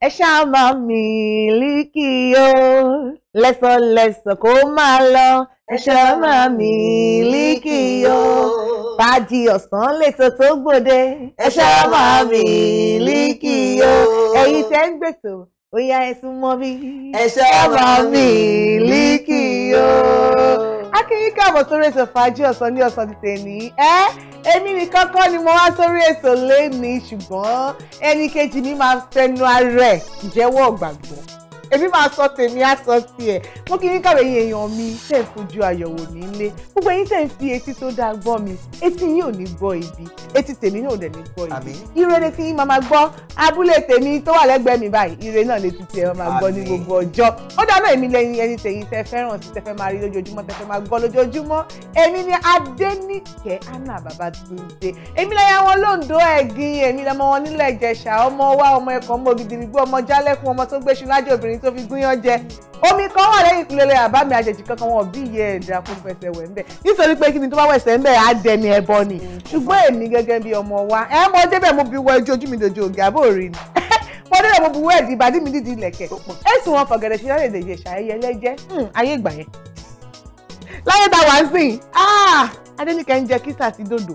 ẹ ṣáà máa Miliki o lẹ́sọ̀lẹ́sọ̀ kó máa lọ ẹ ṣáà máa Miliki o fàájì ọ̀sán lètò tó gbòde ẹ ṣáà máa Miliki o ẹ̀yin tẹ́ ń gbètò ó yá ẹ sún mọ́ máa Miliki o akínyìn káàbọ̀ sórí ètò fàájì ọ̀sán ní ọ̀sán tètè ní ẹ́ èmi nìkan kọ́ ni mo wá sórí ètò lẹ́ni ṣùgbọ́n ẹnì kejì mi máa fẹnu ara ẹ̀ jẹ́wọ́ gbàgbọ́ èmi máa sọ tèmi á sọ tiẹ̀ mo kí yín kàwé yín èèyàn mi tẹ̀ ń fojú àyẹ̀wò nílé gbogbo yín tẹ̀ ń fi etí tó dáa gbọ́ mi etí yín ò ní gbọ́ ibi etí tèmi náà ò dẹ̀ ní gbọ́ ibi ire ni tí yín máa máa gbọ́ abúlé tèmi tó wà lẹ́gbẹ̀ẹ́ mi báyìí ire náà lè tutù ẹ̀ máa gbọ́ ní gbogbo ọjọ́ ó dáná èmi lẹ́yìn ẹni tẹ̀yìn tẹ fẹ́ràn sí tẹ́fẹ́ máa rí lójoojúmọ́ tẹ́fẹ́ máa gbọ́ lójoojúmọ́ èmi ni Adéníkẹ́ Anna Babatunde èmi láyà wọn lóńdó ẹ̀gìn èmi lọmọ wọn nílẹ̀ Ìjẹ̀ṣà ọmọ wa ọmọ ẹ̀kọ́ ọmọ ògidìrìgbò ọmọ jálẹ̀kùn ọmọ tó gbéṣu lájọ obìnrin mi tó fi gúnyán jẹ omi kan wà lẹ́yìn ìkúlẹ̀lẹ̀ àbámi àjèjì kankan wọn bí iye ẹ̀dá kó fẹsẹ̀ wẹ̀ ńbẹ̀ nítorí pé kí ni tó bá wẹ̀sẹ̀ ńbẹ̀ á dẹni ẹbọ ni ṣùgbọ́n èmi gẹ́gẹ́ bí ọmọ wa ẹ mọ débẹ̀ mo bí wọ ẹjọ́ ojú mi dojú ògì àbó rí ni mo débẹ̀ mo bí wọ ẹ̀dì ìbàdí mi dídì ilẹ̀kẹ̀ ẹ̀sùn wọn fọ̀gẹ̀dẹ̀ ṣe lálẹ́ èdè ìyẹ̀ṣà ẹyẹ lẹ́jẹ́ hmm, ayé ìgbà yẹn láyé ta wá ń sìn ah, Adéníkẹ́ ń jẹ kísà sí dòdò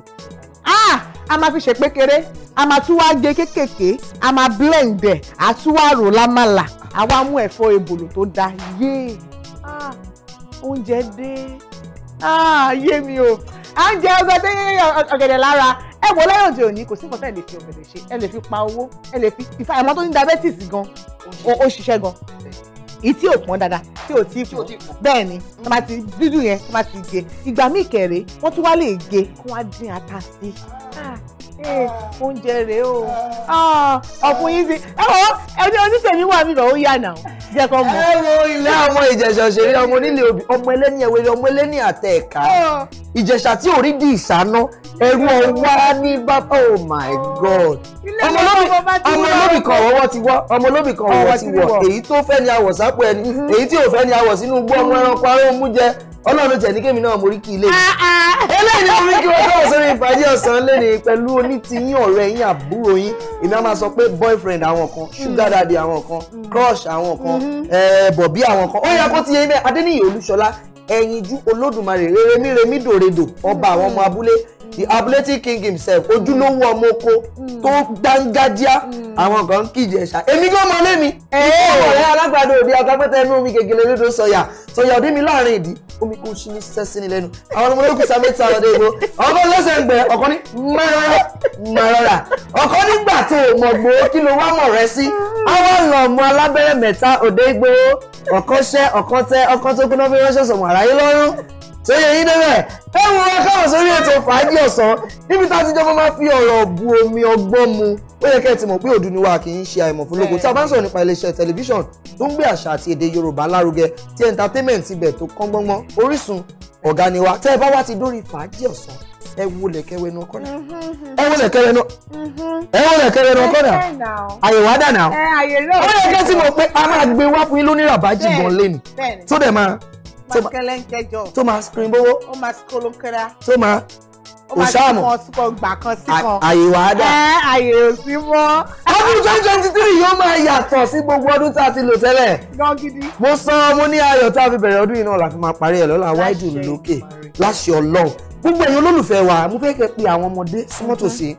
ah a máa fi ṣe pékeré a máa tún wá gé kékèké a máa blend ẹ̀ a tún wá rò lámàlà a wá mú ẹ̀fọ́ ebòlò tó da yéé ah oúnjẹ dé ah yé mi o à ń jẹ ọgọdẹ ọ̀gẹ̀dẹ̀ lára ẹ wò lẹ́yìn òde òní kò sí nǹkan tẹ́ ẹ lè fi ọ̀gẹ̀dẹ̀ ṣe ẹ lè fi pa owó ẹ lè fi ìfàyàmọ́ tó ní diabetes gan ó ṣiṣẹ́ gan ìtí ò pọn dáadáa tí ò tí pọn bẹ́ẹ̀ ni tó bá ti dúdú yẹn tó bá ti gé ìgbà míì kẹ̀rẹ́ wọ́n tún wá lè gé kí wọ́n á dín ata sí i ah, eh, oúnjẹ rèé o ah, ọ̀fun yín sí ẹ̀wọ̀n ẹni onítẹ̀mí wà mí lọ́wọ́ yà náà jẹ́ kọ́ mọ̀. ẹ wo ilé àwọn ìjẹ̀ṣà òṣèré ọmọ onílé obì ọmọ ẹlẹ́ni ẹ̀wẹ̀rẹ̀ ọmọ ẹlẹ́ni àtẹ ẹ̀ka ìjẹ̀ṣà tí ò rí di ìsáná ẹ̀rú ọwá ní bàbá oh my god ọmọ olóbì kan ọwọ́ ti wọ́ ọmọ olóbì kan ọwọ́ ti wọ́ èyí tó fẹ́ ni awọ̀ sápò ẹni mhm. èyí tí ò fẹ́ ni awọ̀ sínú gbọ́ ọmọ ẹranko aró mú jẹ ọlọ́run tẹ̀ ní kémi náà mo rí kí ilé yìí ah, ah. eléyìí ni mo rí kí wọ́n tọ̀wọ̀ sórí ìfàdí ọ̀sán lẹ́nu pẹ̀lú onítìyín ọ̀rẹ́ yín àbúrò yín èmi á máa sọ pé boyfriend àwọn kan mm. sugar daddy àwọn kan mm. crush àwọn kan mm bọ̀ bí àwọn kan ó yẹ kó ti yẹ mẹ́ Adéníyì Olúṣọlá ẹyinjú olódùmarè rere míremí dòredò ọba àwọn ọmọ abúlé the abulating king himself ojúlówó ọmọ oko hmm. tó dángájíá hmm. àwọn kan ń kí Ìjẹ̀ṣà èmi gan mọ lé mi. ìwọ ọ̀rẹ́ alágbàdo òde ọ̀gá pẹ́tẹ́ inú mi gègèlè lódò sọ̀yà sọ̀yà òde mi láàrin ìdí omi kò sí ní sẹ́sí ni lẹ́nu àwọn ọmọ olókùn sá mẹ́ta ọ̀dẹ ìbò ọkọ lọ́sẹ̀ ń gbẹ ọkọ ní mọ̀rọ̀rà ọkọ nígbà tó o mọ̀ gbòó kí ló wá mọ̀ rẹ sí àwọn ọ̀nà alábẹ́rẹ́ mẹ́ta òde ìgbòho ọ̀kọ́ṣẹ́ ọ̀kọ́tẹ́ ọkọ́ tó kúná fi ránṣẹ́ sọ̀mọ̀ àráyé lọ́rùn sóyè yín débẹ̀ ẹ mú wa káwọn sórí ètò fàájì ọ̀sán níbi tá a ti jọ máa fi ọ̀rọ̀ bu omi ọgbọ́n mu ó yẹ kẹ́ ẹ ti mọ̀ pé òdu ni wa kì í ṣe àìmọ̀ fún lóko tí a bá ń sọ̀rọ̀ nípa iléeṣẹ́ tẹlifíṣọ̀n tó ń gbé àṣà àti èdè Yorùbá lárugẹ tí entertainment ti bẹ̀ tó kán gbọ́ngbọ́n Orísun ọ̀gá ni wa tẹ́ ẹ bá wá ti dórí fàájì ọ̀sán Mm-hmm. Mm-hmm. ẹ wọlé kẹwẹ nu ọkọ náà ẹ wọlé kẹwẹ nu ẹ wọlé kẹwẹ nu ọkọ náà àyèwá dà náà ó yẹ kí ẹ sì mọ̀ pé a máa gbé wá fún yín lónìí ràbájì gan lẹ́nu tó dẹ̀ máa tó máa screen bówó ó máa skolokera tó máa òṣàmù àyèwá dà àyèwò sí mọ́. ọdún twenty twenty three yóò máa yàtọ̀ sí gbogbo ọdún tá a ti lò tẹ́lẹ̀ mo sọ mo ní ayọ̀ tá a fi bẹ̀rẹ̀ ọdún yìí náà la fi máa parí ẹ̀ lọ́la wáìdù lókè láṣẹ Ọlọ́run gbogbo ẹ̀yin olólùfẹ́ wa mo fẹ́ kẹ́ pe àwọn ọmọdé súnmọ́ mhm. tòsí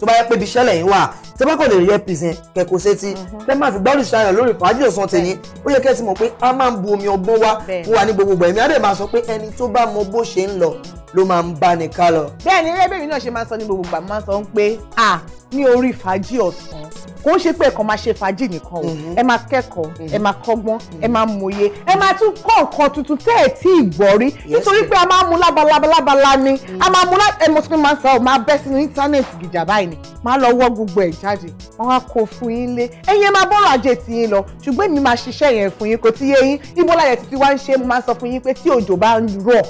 tó bá yẹ pé ibiṣẹ́ lẹ́yìn wà tẹ bá kò lè yẹ pìsìn kẹ̀kọ́ sétí tẹ mhm. máa fi gbádùn ṣayọ̀ lórí fàájì ọ̀sán tèmi ó yẹ kẹ́ ẹ ti mọ̀ pé a máa ń bu omi ọgbọ́n wá fún wa ní gbogbo ìgbà èmi máa sọ pé ẹni tó bá mọ bó ṣe ń lọ ló máa ń bá ní ká lọ. bẹ́ẹ̀ ni eré náà ṣe máa ń sọ ní gbogbo ìgbà máa ń sọ pé à ní orí fàájì ọ̀sán kò ń ṣe pé ẹ̀kan máa ṣe fàájì nìkan o mm-hmm. ẹ máa kẹ́kọ̀ọ́ ẹ mm-hmm. máa kọ́gbọ́n ẹ mm-hmm. máa mòye ẹ máa tún kọ́ nǹkan tuntun tẹ́ ẹ̀ tí ì gbọ́ rí nítorí pé a máa mú lábalábalábalá ni a máa mú ẹmọtí máa ń sọ ọ máa bẹ́ sínú íńtánẹ́ẹ̀tì gìjà báyìí ni máa lọ wọ́ gbogbo ẹ̀ jáde wọ́n á kó fún yín lé ẹ̀yin ẹ máa bọ́rọ̀ ajé ti yín lọ ṣùgbọ́n èmi máa ṣiṣẹ́ yẹn fún yín kò tí yé yín ibo láyẹ̀ títí wá ń ṣe mo máa sọ fún yín pé tí òjò bá ń rọ̀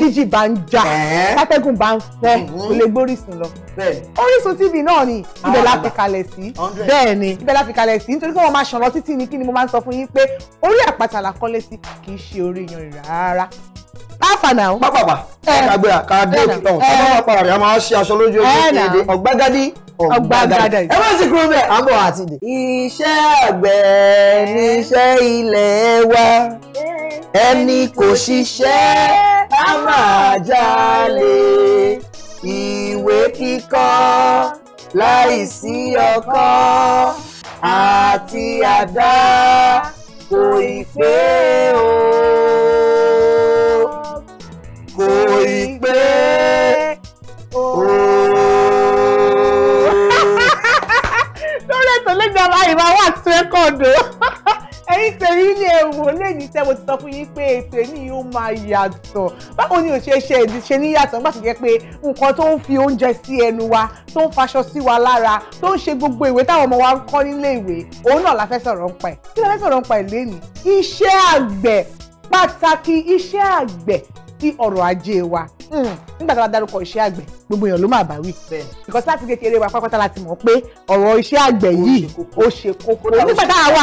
tíjì bá ń jà tátẹ́gùn bá ń fẹ́ kò lè gbórísun lọ Orísun TV náà ni ibẹ̀ la ah, kalẹ̀ sí ah hundred. bẹ́ẹ̀ fi ibẹ̀ láti kalẹ̀ sí nítorí pé wọ́n máa ṣànlọ títí ni kí ni mo máa ń sọ fún yín pé orí àpáta la kọ́lé sí kì í ṣe orí yan rárá láǹfààní àwọn. pápápá eh. kàgbéra kàgbéra eh. ọ̀hún pápápá eh. para rẹ̀ a máa ṣe aṣọ lójú ojú ọ̀gbágádí ọ̀gbágádí ẹ má sì kúrò bẹ́ẹ̀ àbọ̀ àti dè. iṣẹ́ àgbẹ̀ níṣẹ́ ilẹ̀ wa ẹni kò ṣiṣẹ́ á máa jalè ìwé kíkọ́ láìsí ọkọ́ àti àdá kò ì pé o kò ì pé o. lórí ètò lẹ́gbẹ̀ẹ́ àbáyé máa wà tí rẹ́kọ̀dù ẹ̀yin tèmi ní ẹ̀wò lẹ́yìn tẹ́ mo ti sọ fún yín pé ètò ẹni yóò máa yàtọ̀ báwo ni òṣèṣe ṣe ní yàtọ̀ nígbà tó jẹ́ pé nǹkan tó ń fi oúnjẹ sí ẹnu wa tó ń faṣọ sí wa lára tó ń ṣe gbogbo ìwé táwọn ọmọ wa ń kọ́ nílé ìwé òun náà la fẹ́ sọ̀rọ̀ ń pa ẹ̀ kí la fẹ́ sọ̀rọ̀ ń pa ẹ̀ lẹ́nu iṣẹ́ àgbẹ̀ pàtàkì iṣẹ́ àgbẹ̀ sí ọrọ̀ ajé wa hmm, nígbà tí a bá dárúkọ iṣẹ́ àgbẹ̀ gbogbo èèyàn ló máa bá wí. because láti kékeré wa pápátá la ti mọ̀ pé ọ̀rọ̀ iṣẹ́ àgbẹ̀ yìí ó ṣe kókó nígbà tá a wà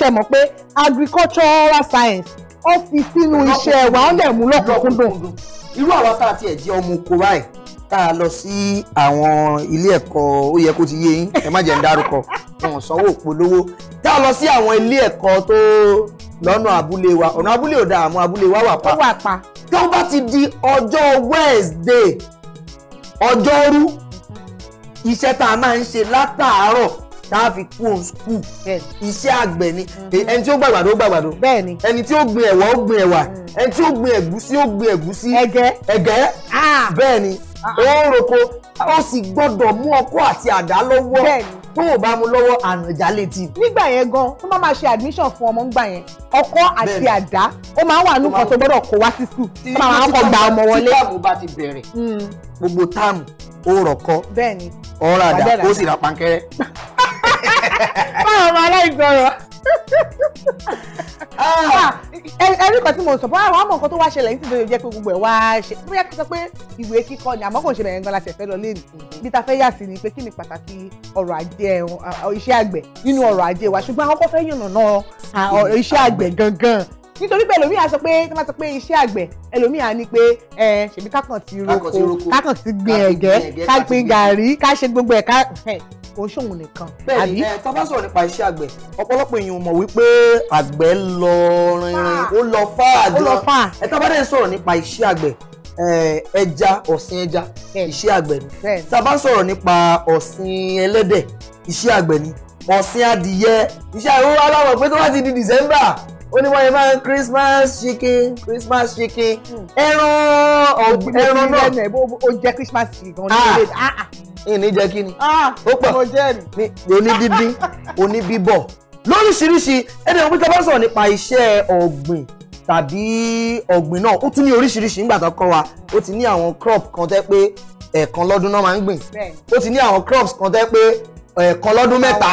ṣe mọ̀ pé agricultural science ó fi sínú iṣẹ́ wa ó lè mú lọ́kùnkúndùn. irú àwa tá a tiẹ̀ jẹ́ ọmọ oko báyìí tá a lọ sí àwọn ilé ẹ̀kọ́ ó yẹ kó ti yé yín ẹ má jẹ́ ń dárúkọ wọn sanwó òpolówó tá a lọ sí àwọn ilé ẹ̀kọ́ tó lọ́nà abúlé wa ọ̀nà abúlé ò dáa àmọ́ abúlé wa wà pa tó bá ti di ọjọ́ Wednesday ọjọ́rú iṣẹ́ tá a máa ń ṣe látàárọ̀ tá a fi kú òun skul iṣẹ́ àgbẹ̀ ni mm-hmm. ẹni tí ó gbàgbàdo ó gbàgbàdo ẹni tí ó gbin ẹ̀wà ó gbin ẹ̀wà mm. ẹni tí ó gbin ẹ̀gúsí ó gbin ẹ̀gúsí ẹ̀gẹ́ ah. bẹ́ẹ̀ ni ah, ah. ó ń roko ó sì gbọ́dọ̀ mú ọkọ́ àti àdá lọ́wọ́. tó ò bá mu lọ́wọ́ àrùn ìjà létí. nígbà yẹn gan tó máa máa ṣe admission fún ọmọ ńgbà yẹn ọkọ́ àti àdá ó máa ń wà nùkan tó gbọ́dọ̀ kó wá sí skul tó máa máa kọ́ gba ọmọ wọlé. tí táàmù bá ti bẹ̀rẹ̀ hmm. gbogbo táàmù ó rọ̀kọ́ ọ̀rọ̀ àdá ó sì ra pankẹ́rẹ́. báwo máa láì sọ̀rọ̀. Ah, ẹrí kan tí mo sọ báwo àwọn nǹkan tó wá ṣẹlẹ̀ nítorí tó yẹ pé gbogbo ẹ̀ wá ṣe bóyá kí n sọ pé ìwé kíkọ ni àmọ́ kò ń ṣe bẹ̀rẹ̀ gan láti ẹ̀fẹ́ lọ léèrè bí ta fẹ́ yà sí ni pé kí ni pàtàkì ọrọ̀ ajé iṣẹ́ àgbẹ̀ nínú ọrọ̀ ajé wa ṣùgbọ́n àwọn kò fẹ́ yànnàná iṣẹ́ àgbẹ̀ gangan nítorí pé ẹlòmíì á sọ pé tó bá sọ pé iṣẹ́ àgbẹ̀ ẹlòmíì á ní pé ẹ ṣèbí kákàn ti roko kákàn ti gbin ẹ̀gẹ́ ká gbin gàrí ká ṣe gbogbo ẹ̀ ká kò ṣòwò nìkan. bẹ́ẹ̀ni ẹ tá bá sọ̀rọ̀ nípa iṣẹ́ àgbẹ̀ ọ̀pọ̀lọpọ̀ èèyàn mọ̀ wípé àgbẹ̀ lọ rinrin ó lọ fà á gan ẹ tá bá dẹ̀ sọ̀rọ̀ nípa iṣẹ́ àgbẹ̀ ẹja ọ̀sìn ẹja iṣẹ́ àgbẹ̀ ni tá sọ̀rọ̀ nípa ọ̀sìn ẹlẹ́dẹ̀ iṣẹ́ àgbẹ̀ ni ọ̀sìn adìyẹ iṣẹ́ àwọn aláwọ̀ pé tó bá ti di December oníwáyé máa ń christmas chicken christmas chicken ẹran ẹran náà ó jẹ christmas chicken gan ní ah! ilé ah, ah. ìní jẹ kí ni ó pọ̀ ní oníbíbí oníbíbọ̀ lóríṣiríṣi ẹni àwọn pípa bá sọ̀rọ̀ nípa iṣẹ́ ọ̀gbìn tàbí ọ̀gbìn náà ó tún ní oríṣiríṣi nígbà tó kọ́ wa ó ti ní àwọn crop kan tẹ́ pé ẹ̀ẹ̀kan lọ́dún náà máa ń gbìn ó ti ní àwọn crops kan tẹ́ pé ẹ̀ẹ̀kan lọ́dún mẹ́ta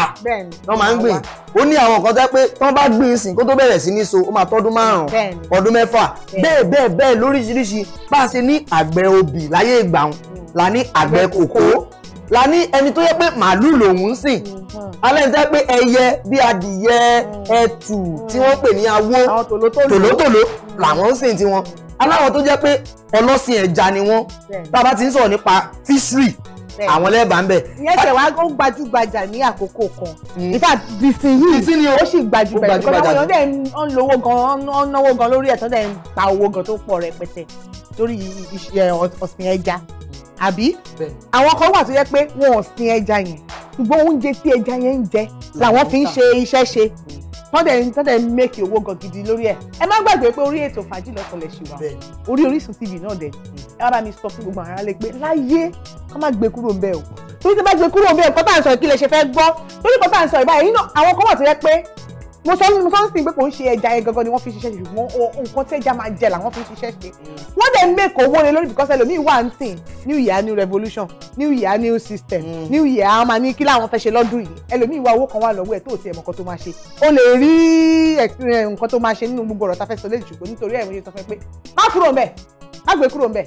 wọ́n máa ń gbìn ó ní àwọn nǹkan tó pé tán bá gbìn sìn kó tó bẹ̀rẹ̀ sí ní so ó máa tọ́dún márùn-ún ọdún mẹ́fà bẹ́ẹ̀ bẹ́ẹ̀ bẹ́ẹ̀ lóríṣiríṣi bá a ṣe ní àgbẹ̀ obì láyé ìgbà wọn hmm. la ní àgbẹ̀ kòkó la ní ẹni tó yẹ pé màálù lòun ń sìn hmm. alẹ́ ní sẹ́ pé ẹyẹ bí adìyẹ hmm. ẹtù tí wọ́n pè ní awó tòlótòló làwọn ń sìn tiwọn aláwọ̀ tó jẹ́ pé ọlọ́sìn ẹja ni wọ́n tá a bá ti ń sọ̀rọ̀ nípa fishery àwọn lẹ́ẹ̀bà ń bẹ̀. ìyẹn tẹ̀ wá ó gbajúgbajà ní àkókò kan mm. nígbà bìsìn yìí ó sì gbajúgbajà nígbà wọn dẹ̀ ń lówó gan ń náwó gan lórí ẹ̀tọ́ dẹ̀ ń pa owó gan tó pọ̀ rẹpẹtẹ lórí ọ̀sìn ẹja àbí àwọn kan wà tó yẹ pé wọn ò sin ẹja yẹn ṣùgbọ́n oúnjẹ tí ẹja yẹn ń jẹ làwọn fi ń ṣe iṣẹ́ ṣe mm wọ́n dẹ̀ wọ́n dẹ̀ mẹ́kì owó gan gidi lórí ẹ̀ ẹ má gbàgbé pé orí ètò fàájì lọ́sàn lẹ̀ ṣì wà orí Orísun TV náà dẹ̀ ẹ wá bá mi sọ fún gbogbo àwọn aráàlú pé láyé kọ́ má gbé kúrò ńbẹ̀ o torí tí bá gbé kúrò ńbẹ̀ nǹkan tá à ń sọ kí lè ṣe fẹ́ gbọ́ torí nǹkan tá à ń sọ ìbáyìí náà àwọn kan wà tó yẹ pé mo sọ mo sọ ń sìn pé kò ń ṣe ẹja yẹn gangan ni wọ́n fi ṣiṣẹ́ ṣe ṣùgbọ́n nǹkan tí ẹja máa jẹ làwọn fi ṣiṣẹ́ ṣe wọ́n dẹ̀ ń mèkó owó lórí because ẹlòmíì wà ń sìn new year new revolution new year new system mm. new year a máa ní kí làwọn fẹ́ ṣe lọ́dún yìí ẹlòmíì wà owó kan wà lọ́wọ́ ẹ̀ tó ti ẹ̀ mọ̀ nǹkan tó máa ṣe o lè rí nǹkan tó máa ṣe nínú gbogbo ọ̀rọ̀ ta fẹ́ sọ lé á gbé kúrò ńbẹ̀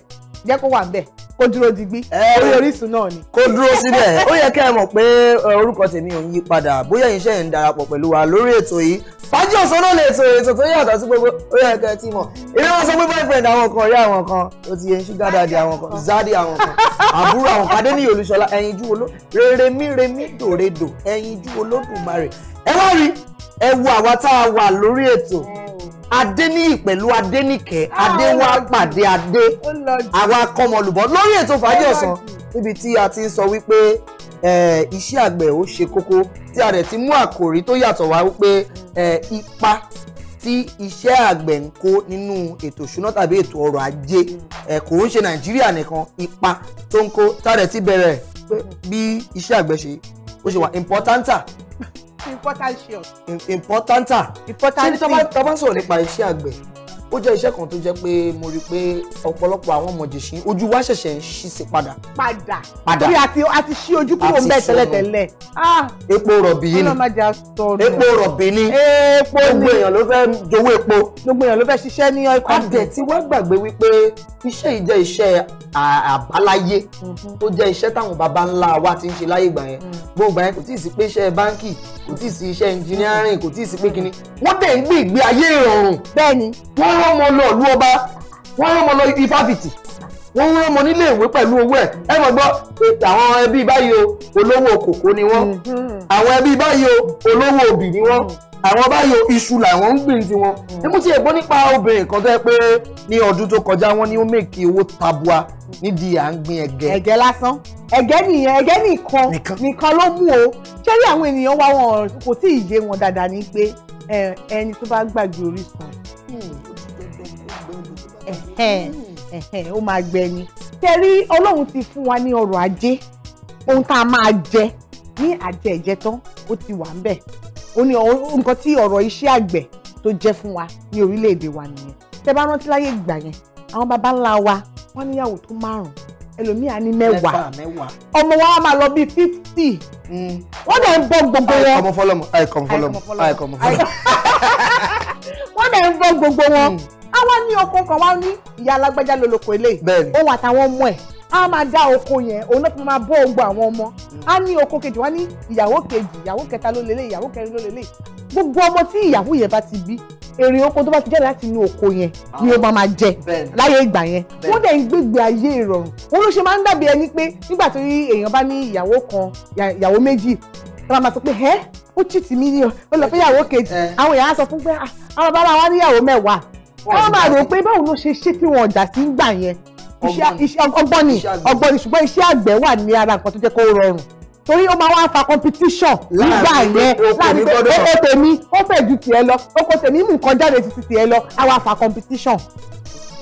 jẹ́ kó wà ńbẹ̀ kó dúró digbí orí Orísun náà ni. kó dúró síbẹ̀ ó yẹ kẹ́ ẹ mọ̀ pé orúkọ tèmi ò ń yí padà bóyá ẹ̀yin ṣe ń darapọ̀ pẹ̀lú wa lórí ètò yìí Fàájì Ọ̀sán náà lè ètò ètò tó yàtọ̀ sí gbogbo ó yẹ kẹ́ ẹ ti mọ̀ èmi wọn sọ pé boyfriend àwọn kan ọ̀rẹ́ àwọn kan ó ti yẹ ṣúgà dàdí àwọn kan zádì àwọn kan àbúrò àwọn kan Adéníyì Olúṣọlá ẹyin jú oló rèrèmí rèmí dòredò ẹyin jú olódùmarè ẹ wá rí ẹ wo àwa tá a wà lórí ètò Adéníyì pẹ̀lú Adéníkẹ́ Adéwà ah, pàdé Adé àwa kọmọlùbọ lórí ètò fàájì ọ̀sán níbi tí a ti ń sọ wípé iṣẹ́ àgbẹ̀ ó ṣe kókó tí a rẹ̀ ti mú àkòrí tó yàtọ̀ wá wípé ipa tí iṣẹ́ àgbẹ̀ ń kó nínú ètò ìṣúná tàbí ètò ọrọ̀ ajé kò ń ṣe Nàìjíríà nìkan ipa tó ń kó tá a rẹ̀ ti bẹ̀rẹ̀ bí iṣẹ́ àgbẹ̀ ṣe ó ṣe wà importanta important ṣe o. important ta ṣé tọ́ba sọ̀rọ̀ nípa iṣẹ́ àgbẹ̀ ó jẹ́ iṣẹ́ kan tó jẹ́ pé mo rí i pé ọ̀pọ̀lọpọ̀ àwọn mọ̀jẹ̀sín ojú wa ṣẹ̀ṣẹ̀ ń ṣí sí padà. padà padà bí a ti a ti ṣí ojú kúrò ń bẹ̀ tẹ́lẹ̀tẹ́lẹ̀. Ah. epo rọ̀bì yìí ni epo rọ̀bì ni epo ni gbogbo èèyàn ló fẹ́ jowó epo. gbogbo èèyàn ló fẹ́ ṣiṣẹ́ ní ọkọ̀. adẹ̀ tí wọ́n gbàgbé wípé iṣẹ́ yìí jẹ́ iṣẹ́ àbáláyé mhm. ó jẹ́ iṣẹ́ táwọn baba ńlá wa ti ń ṣe láyé ìgbà yẹn mm. gbogbo yẹn kò tí ì sí pé iṣẹ́ báńkì kò tí ì sí iṣẹ́ ẹnjìnírìn mm-hmm. kò tí ì sí pé kinní wọ́n dẹ̀ ń gbé ìgbé ayé ìrọ̀rùn. bẹ́ẹ̀ni wọ́n rán ọmọ lọ ìlú ọba wọ́n rán ọmọ lọ ifáfitì wọ́n rán ọmọ nílé ìwé pẹ̀lú owó ẹ̀ ẹ mọ̀ gbọ́ àwọn ẹbí báyìí o olówó kòkó ni wọ́n mm-hmm. àwọn ẹbí báyìí o olówó obì ni wọ́n mm-hmm. àwọn báyìí o iṣu làwọn ń gbìn tiwọn nímú mm-hmm. tí ègbó nípa obìnrin kan tó yẹ pé ní ọdún tó kọjá wọ́n ní ó mèkì owó tabua nídìí à ń gbin ẹ̀gẹ́. ẹ̀gẹ́ lásán ẹ̀gẹ́ nìyẹn ẹ̀gẹ́ nìkan nìkan ló mú o ṣé àwọn ènìyàn wá wọn kò tí ì yé wọn dáadáa ní pé ẹni tó bá gbàgbé orísun hmm ó máa gbẹ ni. tẹ̀rí ọlọ́run ti fún wa ní ọrọ̀ ajé ohun tá a máa jẹ ní àjẹ ìjẹtán ó ti wà ńbẹ̀ ó ní nǹkan tí ọ̀rọ̀ iṣẹ́ àgbẹ̀ tó jẹ́ fún wa ní orílẹ̀-èdè wa nìyẹn tẹ́ bá rántí láyé ìgbà yẹn àwọn baba ńlá wa wọ́n níyàwó tó márùn ẹlòmíà ní mẹ́wàá ọmọ wa máa lọ bíi fifty mm. wọ́n dẹ̀ ń bọ́ gbogbo wọn. àìkọ́mọ fọlọ́mọ àìkọ́mọ fọlọ́mọ àìkọ́mọ fọlọ́mọ. wọ́n dẹ̀ ń bọ́ gbogbo wọn mm àwa ní ọkọ kan wa ní ìyá alágbájá lolóko eléyìí òun àtàwọn ọmọ ẹ̀ a máa dá oko yẹn òun náà fi máa bọ́ ogbó àwọn ọmọ a ní oko kejì wa ní ìyàwó kejì ìyàwó kẹta ló lélẹ̀ ìyàwó kẹrin ló lélẹ̀ gbogbo ọmọ tí ìyàwó yẹn bá ti bí èrè oko tó bá ti jáde láti inú oko yẹn ni ó máa máa jẹ láyé ìgbà yẹn wọ́n dẹ̀ ń gbégbé ayé ìrọ̀rùn òun ló ṣe máa ń dàbí ẹni pé nígbà tí èèyàn bá ní ìyàwó kan ìyàwó méjì wọn máa sọ pé ẹ ó chìtì mí ni ó lọ fẹ́ ìyàwó kejì àwọn èèyàn sọ fún pé ah, àwọn bàbá wa níyàwó mẹ́wàá ká máa rò pé báwo ló ṣe ṣe tí wọn ọjà sí ń gbà yẹn ọgbọ́n ni ọgbọ́n ni ṣùgbọ́n iṣẹ́ àgbẹ̀ wà ní ara nǹkan tó jẹ́ kó rọrùn torí ó máa wá fa competition nígbà yẹn láti pé ó tèmi ó fẹ̀ ju tiẹ̀ lọ ó tèmi mú nǹkan jáde ti tiẹ̀ lọ á wá fa competition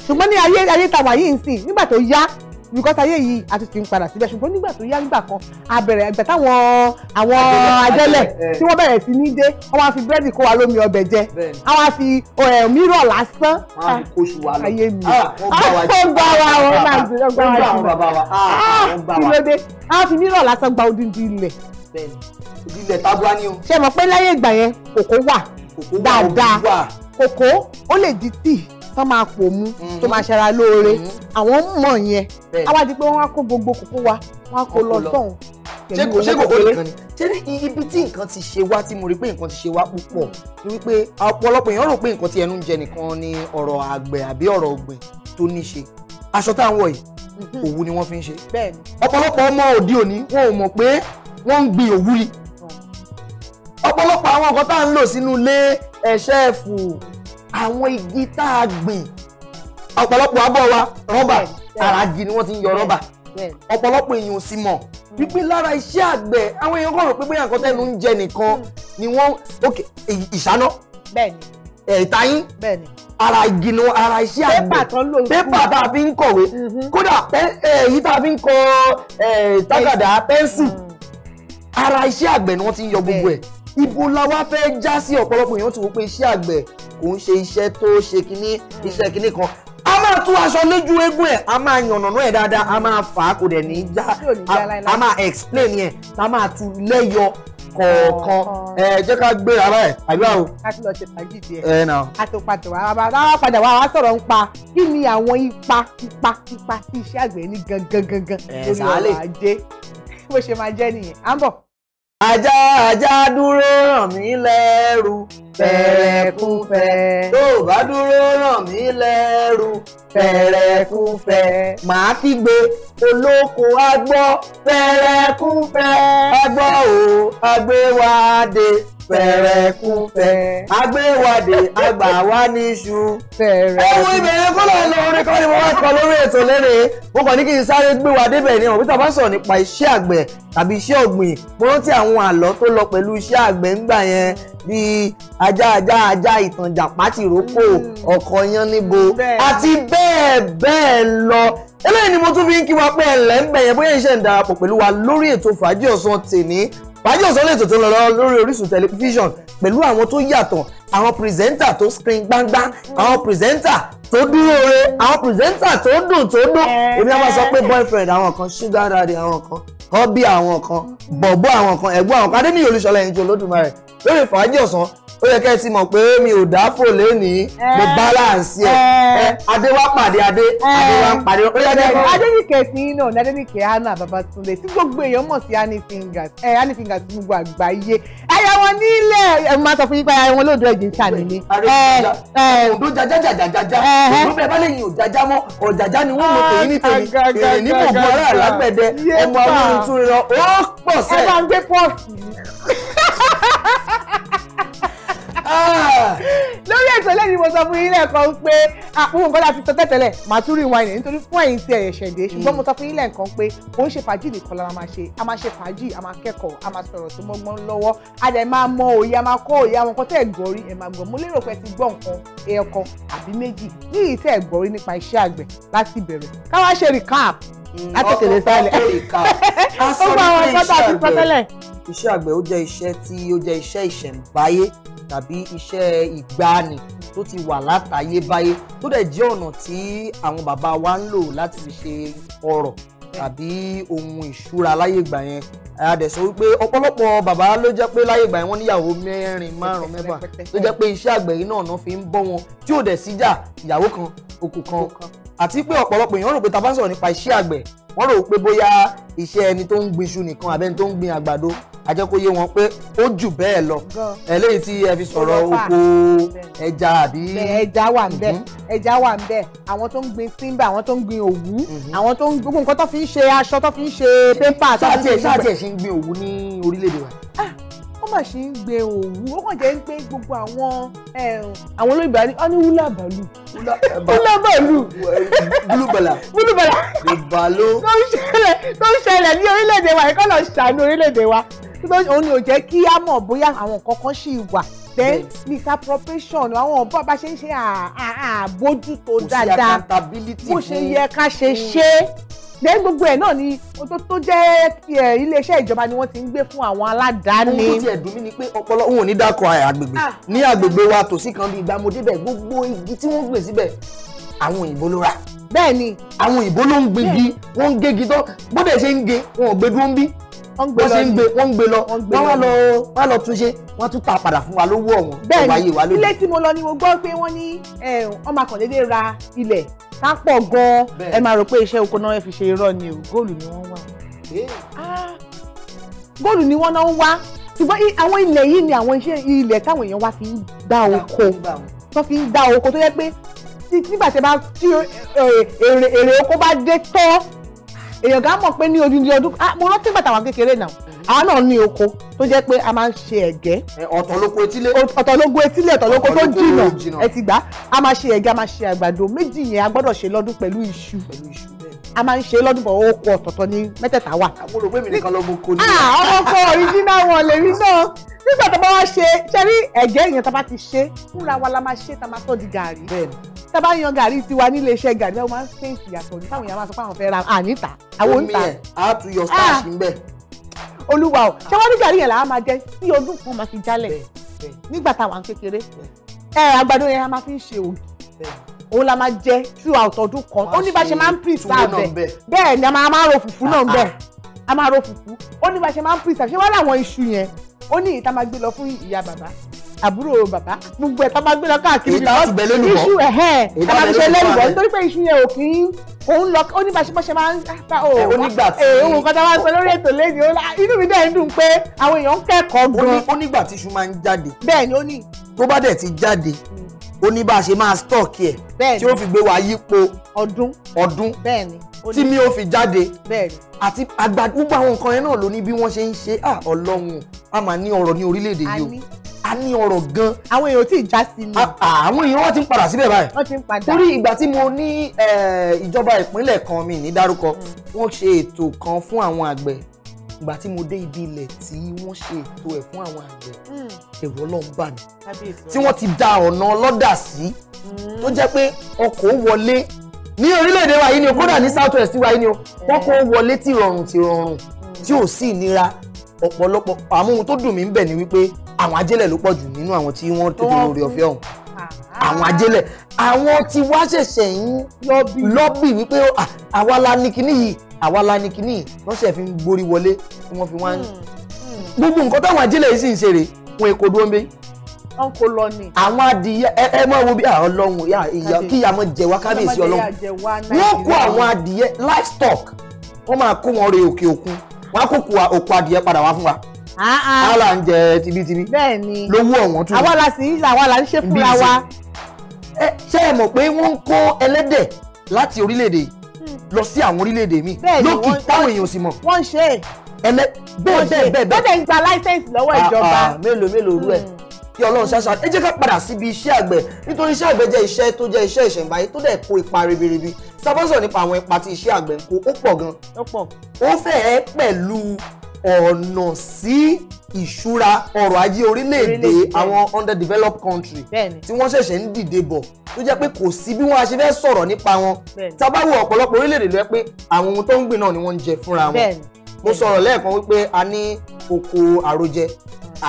ṣùgbọ́n ní ayé ayé tàwa yìí ń sìn nígbà tó yá because ayé yìí a ti ti ń padà síbẹ̀ ṣùgbọ́n nígbà tó yá nígbà kan a bẹ̀rẹ̀ ẹgbẹ̀ táwọn àwọn ajẹ́lẹ̀ tí wọ́n bẹ̀rẹ̀ sí ní dé wọ́n á fi búrẹ́dì kó wa lómi ọbẹ̀ jẹ àwọn eh, á fi mírọ̀ lásán ayé mi ah, ah, wọ́n gbá wa wọ́n gbá wa kí ló dé wọ́n á fi mírọ̀ lásán gba odindi ilẹ̀ ilẹ̀ tabua ni o. ṣé mo pé láyé ìgbà yẹn kòkó wà dáadáa kòkó ó lè di tíì tó máa pò mú tó máa mhm. ṣara lóore mhm. àwọn mọ̀ yẹn àwa di pé wọ́n á kó gbogbo kókó wa wọ́n á kó lọ sọ̀hún ṣé kò ṣé kò kó nìkan ṣé ibi tí nǹkan ti ṣe wá tí mo rí pé nǹkan ti ṣe wá púpọ̀ ni hmm. wípé ọ̀pọ̀lọpọ̀ èèyàn rò pé nǹkan ti ẹnu ń jẹ nìkan ni ọ̀rọ̀ àgbẹ̀ àbí ọ̀rọ̀ ọ̀gbìn tó ní ṣe aṣọ tá à ń wọ̀ yìí mhm. òwú ni wọ́n fi ń ṣe ọ̀pọ̀lọpọ̀ ọmọ òde òní wọn ò mọ̀ pé wọ́n ń gbin òwú hmm. ọ̀pọ̀lọpọ̀ àwọn nǹkan tá à ń lò sínú ilé ẹ̀ṣẹ́ ẹ̀fù àwọn igi tá a gbìn ọ̀pọ̀lọpọ̀ abọ́ wa rọ́bà àràjì ni wọ́n ti ń yọ rọ́bà ọ̀pọ̀lọpọ̀ èèyàn ò sì mọ̀ mm. wípé lára iṣẹ́ àgbẹ̀ àwọn èèyàn kọ̀ rò pé bóyá nǹkan tẹ́nu ń jẹ nìkan mm. ni wọ́n ìṣáná ìtayín ara igi ni ara iṣẹ́ àgbẹ̀ pépà tá a fi ń kọ̀wé mm-hmm. kódà eh, èyí tá a fi ń kọ eh, tágàdá pẹ́ńsù mm. ara iṣẹ́ àgbẹ̀ ni wọ́n ti ń yọ gbogbo ẹ̀ ibo la wá fẹ́ já sí ọ̀pọ̀lọpọ̀ èèyàn ti wò pé iṣẹ́ àgbẹ̀ kò ń ṣe iṣẹ́ tó ṣe kínní iṣẹ́ kínní kan a máa tú aṣọ lójú eégún ẹ̀ a máa yànnàná ẹ̀ dáadáa a máa fà á kò dẹ̀ ní í já a máa explain yẹn a máa tú lẹ́yọ kọ̀ọ̀kan ẹ jẹ́ ká gbé ara ẹ̀ àbí àwọn. a ti lọ ṣe fàájì díẹ̀. ẹ nà. àtòpadà wa wa padà wa wa sọ̀rọ̀ nípa kí ni àwọn ipa ipa ipa tí iṣẹ́ àgbẹ̀ ní gangan gangan lórí ọ̀rọ̀ ajé bó ṣe máa jẹ́ nìyẹn à ń bọ̀ ajá ajá dúró ràn mí lẹ́rù fẹ̀rẹ̀kúfẹ̀. tó o bá dúró ràn mí lẹ́rù fẹ̀rẹ̀kúfẹ̀. màá kígbe olóko agbọ́ fẹ̀rẹ̀kúfẹ̀. agbọ́ o agbéwáde fẹ̀rẹ̀kúfẹ̀ agbéwàdé àgbà wá níṣu. ẹ̀wọ̀n ìbẹ̀rẹ̀ kọ́lá lọ orin kan ni mo wá kọ lórí ètò lẹ́nu mo kàn ní kí n sáré gbé wa ni òbí tàbá sọ̀rọ̀ nípa iṣẹ́ àgbẹ̀ tàbí iṣẹ́ ọ̀gbìn mo rántí àwọn àlọ́ tó lọ pẹ̀lú iṣẹ́ àgbẹ̀ ńgbà yẹn bíi ajá ajá ajá ìtàn jàpátì rókò hmm. ọkọ yan níbo àti bẹ́ẹ̀ bẹ́ẹ̀ lọ eléyìí ni mo tún fi ń kí wa pé ẹ̀lẹ́ ń bẹ̀yẹn bóyá iṣẹ́ ń darapọ̀ pẹ̀lú wa lórí ètò fàájì ọ̀sán tèmi fàájì ọ̀sán lè tètè lọ lórí Orísun tẹlifíṣàn pẹ̀lú àwọn tó yàtọ̀ àwọn pírẹsẹ́ńtà tó screen gbangba àwọn pírẹsẹ́ńtà tó dúró re àwọn pírẹsẹ́ńtà tó dùn tó dùn èmi á máa sọ pé boyfriend àwọn kan sugar daddy àwọn kan hobby àwọn kan bọ̀bọ̀ àwọn kan ẹ̀gbọ́n àwọn kan adé ní olùṣọ́lá ẹ̀yìn tó lódùmarè lórí fàájì ọ̀sán ó yẹ kẹ́ ẹ ti mọ̀ pé mi ò dáfò lẹ́nìí mo eh, balance ẹ̀ eh. Eh, adé wá pàdé adé adé wá pàdé ó yẹ kẹ́ ẹ. adéníkẹ́ sí iná ọ̀nà adéníkẹ́ hannah babatunde tí gbogbo èèyàn mọ̀ sí honey fingers ẹ̀ honey fingers gbogbo àgbáyé ẹ̀yà wọn nílẹ̀ ẹ̀ máa sọ fún yín pé ẹ̀yà wọn lóòdù ẹ̀jẹ̀ ń tà nínú. òdo jaja jaja jaja òdo bẹ́ẹ̀ bá lè yin òjaja mọ́ òjaja ni wọ́n mọ̀ èyí ní tèmi èyí ní mọ̀ bọ́ aráàlú àgbẹ̀dẹ ọmọ awúrun tún rọ ó pọ̀ sẹ́ẹ̀. ẹ máa ń gbé pọ́ọ̀sì lórí ètò lẹ́yìn mo sọ fún yín lẹ́ẹ̀kan pé àpòwò nǹkan láti tọ́ tẹ́tẹ́lẹ̀ màá tún rí wáìnì nítorí fún ẹ̀yin tí ẹ̀yẹ̀ ṣẹ̀dẹ̀ ṣùgbọ́n mo sọ fún yín lẹ́ẹ̀kan pé kò ń ṣe fàájì nìkan la máa ṣe a máa ṣe fàájì a máa kẹ́kọ̀ọ́ a máa sọ̀rọ̀ tó mọ́gbọ́n lọ́wọ́ a dẹ̀ máa mọ òye a máa kọ́ òye àwọn nǹkan tẹ́ ẹ̀ gbọ́ ẹ̀ máa gbọ́ mo lérò pé ti gbọ́ nǹkan ẹ̀ẹ̀kan àbí méjì mm, iṣẹ́ àgbẹ̀ ó jẹ́ iṣẹ́ tí ó jẹ́ iṣẹ́ ìṣẹ̀ǹbáyé tàbí iṣẹ́ ìgbàanì tó ti wà látayébáyé tó dẹ̀ jẹ́ ọ̀nà tí àwọn bàbá wa ń lò láti fi ṣe ọrọ̀ tàbí ohun ìṣúra láyé ìgbà yẹn àdẹ̀sọ wípé ọ̀pọ̀lọpọ̀ bàbá ló jẹ́ pé láyé ìgbà yẹn wọ́n níyàwó mẹ́rin márùn-ún mẹ́fà tó jẹ́ pé iṣẹ́ àgbẹ̀ náà náà fi ń bọ́ wọn tí ò dẹ̀ síjà ìyàwó kan okùn kan àti pé ọ̀pọ̀lọpọ̀ èèyàn rò pé tá bá ń sọ̀rọ̀ nípa iṣẹ́ àgbẹ̀ wọ́n rò pé bóyá iṣẹ́ ẹni tó ń gbin iṣu nìkan àbẹ́ni tó ń gbin àgbàdo àjẹkóyé wọn pé ó jù bẹ́ẹ̀ lọ eléyìí tí ẹ fi sọ̀rọ̀ oko ẹja àbí. ẹja wà ń bẹ mhm. ẹja wà ń bẹ àwọn tó ń gbin timber àwọn tó ń gbin òwú mhm. àwọn tó ń gbogbo nǹkan tó fi ń ṣe aṣọ tó fi ń ṣe pépà. sáà tiẹ̀ sáà tiẹ̀ ṣe ń gbin òwú ní orílẹ̀-èdè wa. Ah, mà ṣì ń gbé òwú ó kàn jẹ́ ń pé gbogbo àwọn àwọn olóyìnbá ní ọ́ní wúlà bàálù. wúlà bàálù. búlúbàlà. búlúbàlà. ìbàló. tó ń ṣẹlẹ̀ tó ń ṣẹlẹ̀ ní orílẹ̀-èdè wa ẹ̀kọ́ náà ṣàánú orílẹ̀-èdè wa òun ni ò jẹ́ kí á mọ̀ bóyá àwọn nǹkan kan ṣì wà then misappropriation àwọn ọ̀bọ̀ bá ṣe ń ṣe àbójútó dáadáa bó ṣe yẹ ká ṣe ṣe lẹ́yìn gbogbo ẹ̀ náà ni tó tó jẹ́ iléeṣẹ́ ìjọba ni wọ́n ti ń gbé fún àwọn aládàáni. ohun tó tiẹ̀ dùn mí ni pé ọpọlọ òun ò ní dákọ̀ àgbègbè ah. ní àgbègbè wa tòsí kan bíi ìgbàmọdé bẹ̀ gbogbo igi tí wọ́n gbìn síbẹ̀ àwọn òyìnbó ló rà. bẹ́ẹ̀ ni àwọn òyìnbó ló ń gbin igi wọ́n ń gégi tó bó dẹ̀ ṣe ń ge wọn ò gbé ń bí wọ́n ṣe ń gbé wọ́n ń gbé lọ wọ́n wá lọ wá lọ túnṣe wọ́n tún tà padà fún wa lówó ọ̀wọ́n ọba yìí wá lójú. ilé tí mo lọ ni mo gbọ́ pé wọ́n ní wọ́n máa kàn ra ilẹ̀ tá pọ̀ gan-an ẹ máa rò pé iṣẹ́ oko náà fi ṣe irọ́ ni o góòlù ni wọ́n wá. Ah, góòlù ni wọ́n náà ń wá ṣùgbọ́n àwọn ilẹ̀ yìí ni àwọn iṣẹ́ ilẹ̀ táwọn èèyàn wá fi ń dá oko tó fi ń dá oko tó yẹ pé nígbà tí èrè oko bá dé tán èèyàn gá mọ̀ pé ní odindi ọdún ah, mo rántí bàtà wọn kékeré náà mhm. àwọn náà ní oko tó jẹ́ pé a máa ń ṣe ẹ̀gẹ́. ọ̀tọ̀ lóko etílé. ọ̀tọ̀ lóko etílé ọ̀tọ̀ lóko tó jìnnà ẹ ti gbà á máa ṣe ẹ̀gẹ́ a máa ṣe àgbàdo méjì yẹn a gbọ́dọ̀ ṣe lọ́dún pẹ̀lú iṣu. pẹ̀lú iṣu a máa ń ṣe lọ́dún bọ̀ ó kọ ọ̀tọ̀ọ̀tọ̀ ní mẹ́tẹ̀ẹ̀ta wà. Ah, àwọn olùgbé mi nìkan olúwa o ṣé wọ́n ní gàrí yẹn là máa jẹ tí ọdún kan máa fi jálẹ̀ nígbà táwọn kékeré ẹ̀ àgbàdo yẹn a máa fi ń ṣe ògì òun la máa jẹ throughout ọdún kan ó ní bá ṣe máa ń preserve ẹ bẹ́ẹ̀ ni a máa máa ro fùfú náà bẹ́ẹ̀ ah, ah. a máa ro fùfú ó ní bá ṣe máa ń preserve ṣé wọ́n láwọn iṣu yẹn ó ní ìta máa gbé lọ fún ìyá bàbá àbúrò bàbá gbogbo ẹ̀ tá máa gbé lọ káàkiri because iṣu ẹ̀hẹ́n tá máa fi ṣe lẹ́nubọ̀ nítorí pé iṣu yẹn ò kì í òun lọ ó ní báṣepọ̀ṣe máa ń ta ah, òun onígbà oh, tí òun eh, nǹkan tá a máa sọ lórí ètò lẹ́yìn inú mi dẹ̀ ń dùn pé àwọn èèyàn ń kẹ́kọ̀ọ́ gan-an. ó nígbà tí iṣu máa ń jáde. bẹ́ẹ̀ ni ó ní. tó bá dẹ̀ ti jáde hmm ó ní bá a ṣe máa stock ẹ̀ tí ó fi gbé wa yípo ọdún ọdún tí mi ò fi jáde àti àgbà gbogbo àwọn nǹkan yẹn náà ló ní bí wọ́n ṣe ń ṣe à ah, ọlọ́run a máa ní ọ̀rọ̀ ní orílẹ̀-èdè yìí o a ní ọ̀rọ̀ gan. àwọn èèyàn tí ì já sí ni. àwọn èèyàn wọn ti ń padà síbẹ̀ báyìí. wọ́n ti ń padà. torí ìgbà tí mo ní eh, ìjọba ìpínlẹ̀ kan mi ní dárúkọ mm. wọ́n ṣe ètò kan fún àwọn àgbẹ̀ ìgbà tí mo dé ibi ilẹ̀ tí wọ́n ṣe ètò ẹ̀ fún àwọn àgbẹ̀ ẹ̀rọ hmm. ọlọ́run bà mí tí wọ́n ti da ọ̀nà ọlọ́dà sí tó hmm. jẹ́ pé ọkọ̀ wọlé ní orílẹ̀-èdè wa yìí ni o kódà ní south west wa yìí ni o wọ́n kó wọlé tí rọrùn tí rọrùn hmm. tí ò sí ìnira ọ̀pọ̀lọpọ̀ àmọ́ ohun tó dùn mí ń bẹ̀ ni wípé àwọn ajẹ́lẹ̀ ló pọ̀ jù nínú àwọn tí wọ́n tètè lórí ọ̀fẹ́ ọ̀hún àwọn ajélẹ̀ àwọn tí wá ṣẹ̀ṣẹ̀ ń lọ́bì wípé àwa la ní kinní yìí àwa la ní kinní yìí lọ́sẹ̀ fi ń gborí wọlé tí wọ́n fi wá ń. Hmm, hmm. gbogbo nǹkan táwọn ajélẹ̀ yìí sì ń ṣeré wọn èkó dúró ń bẹ́ẹ̀ wọn kò lọ ni. àwọn adìyẹ ẹ ẹ mọ wo bí Ọlọ́run ìyá kí ìyá mọ jẹ wá kábíyèsí Ọlọ́run wọn kó àwọn adìyẹ livestock wọn máa kó wọn re òkè òkun wọn á kó kó òkú adìyẹ padà wá fún wa. Ah, ah. àwa là ń jẹ tibítibí lówó ọ̀wọ́n tún. àwa la sì ń là àwa là ń ṣe fúnra wa ẹ ṣé ẹ mọ̀ pé wọ́n ń kó ẹlẹ́dẹ̀ láti orílẹ̀-èdè hmm. lọ sí àwọn orílẹ̀-èdè mi lókì táwọn èèyàn sì mọ̀. wọ́n ṣe é. ẹlẹ bẹ́ẹ̀ bẹ́ẹ̀ bẹ́ẹ̀ bẹ́ẹ̀. bẹ́ẹ̀ ń gba láísẹ̀nsì lọ́wọ́ ah, ìjọba. Ah, mélòó mélòó rú ẹ̀ hmm. kí ọlọ́run ṣáṣá ẹ jẹ́ ká padà síbi iṣẹ́ àgbẹ̀ nítorí iṣẹ́ àgbẹ̀ jẹ́ iṣẹ́ tó jẹ́ iṣẹ́ ìṣẹ̀ǹbáyé tó dẹ̀ kó ipa ribiribi sábọ́sọ̀ nípa àwọn ipa tí iṣẹ́ àgbẹ̀ ń kó ó pọ̀ gan. ó pọ̀. ó fẹ́ẹ́ pẹ̀lú ọ̀nà sí ìṣúra ọrọ̀ ajé orílẹ̀-èdè àwọn underdeveloped country tí wọ́n ṣẹ̀ṣẹ̀ ń dìde bọ̀ tó jẹ́ pé kò sí bí wọ́n a ṣe fẹ́ sọ̀rọ̀ nípa wọn tá a bá wo ọ̀pọ̀lọpọ̀ orílẹ̀-èdè ló jẹ́ pé àwọn ohun tó ń gbìn náà ni wọ́n ń jẹ fúnra wọn mo sọ̀rọ̀ lẹ́ẹ̀kan wípé a ní oko àrojẹ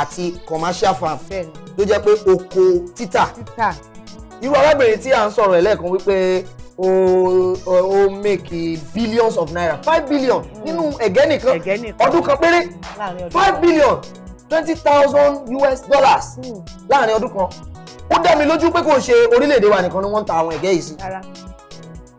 àti commercial farm tó jẹ́ pé oko títà irú arábìnrin tí à ń sọ̀rọ̀ lẹ́ẹ̀kan wípé ó ó make billions of naira five billion nínú hmm. ẹ̀gẹ́ nìkan ọdún kan péré five billion twenty thousand US dollars hmm. láàrin ọdún kan ó dá mi lójú pé kò ṣe orílẹ̀-èdè wa nìkan ni wọ́n ń ta àwọn ẹ̀gẹ́ yìí sí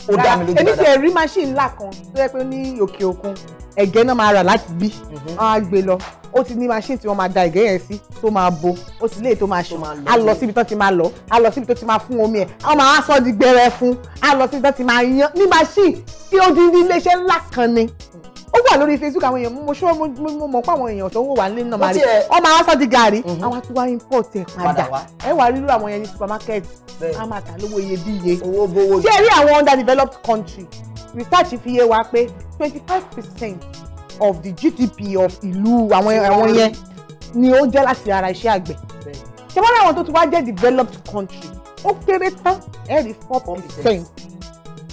ó dá mi lójú dáadáa. èmi ti ẹ̀rí machine ńlá kan tó yẹ pé ní òkè òkun ẹ̀gẹ́ náà máa rà láti bí mhm. wọ́n á gbé lọ ó ti ní machine tí wọ́n máa da ìgẹ́ sí tó máa bo ó ti léè e tó máa ṣù á lọ e. síbi tó ti máa lọ á lọ síbi tó ti máa fún omi ẹ̀ á máa sọ di gbẹrẹ fún á lọ síbi tó ti máa yan ní machine tí ó di iléeṣẹ́ ńlá kan ni ó wà lórí Facebook àwọn èèyàn mo ṣọ́ mo mọ̀ pé àwọn èèyàn tó wò wá nílé náà máa rí wọ́n máa sọ di gàrí mhm. àwọn àti wá import ẹ̀ padà ẹ wà rí lórí àwọn yẹn ní supermarket á máa tà lówó iyebíye ṣé rí àwọn underdeveloped country research fi yé wa pé twenty five percent of the GDP of ìlú àwọn àwọn yẹn ni ó jẹ́ láti ara iṣẹ́ àgbẹ̀ ṣé wọ́n láwọn tó ti wá jẹ́ developed country ó kéré tán ẹ̀ rí four percent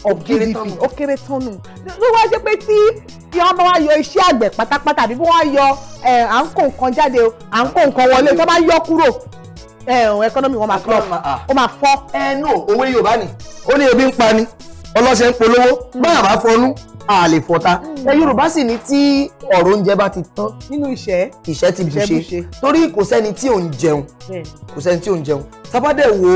of GDP ó kéré tán nù ló wá jẹ́ pé tí tí wọ́n bá wá yọ iṣẹ́ àgbẹ̀ pátápátá àbí bí wọ́n yọ à ń kó nǹkan jáde à ń kó nǹkan wọlé tó bá yọ kúrò ẹkọ́nọ́mì wọn máa flop ah. ó máa fọ́. ẹ nù òwe Yorùbá ni ó ní ebi ń pa ni ọlọ́ṣẹ́ ń polówó hmm. báyà bá fọnú a lè fọta ẹ yorùbá sì ní tí ọ̀rọ̀ oúnjẹ bá ti tán nínú ìṣẹ́ ìṣẹ́ ti bùṣe torí kò sẹ́ni tí ò ń jẹun kò sẹ́ni tí ò ń jẹun tábàdẹ̀ wo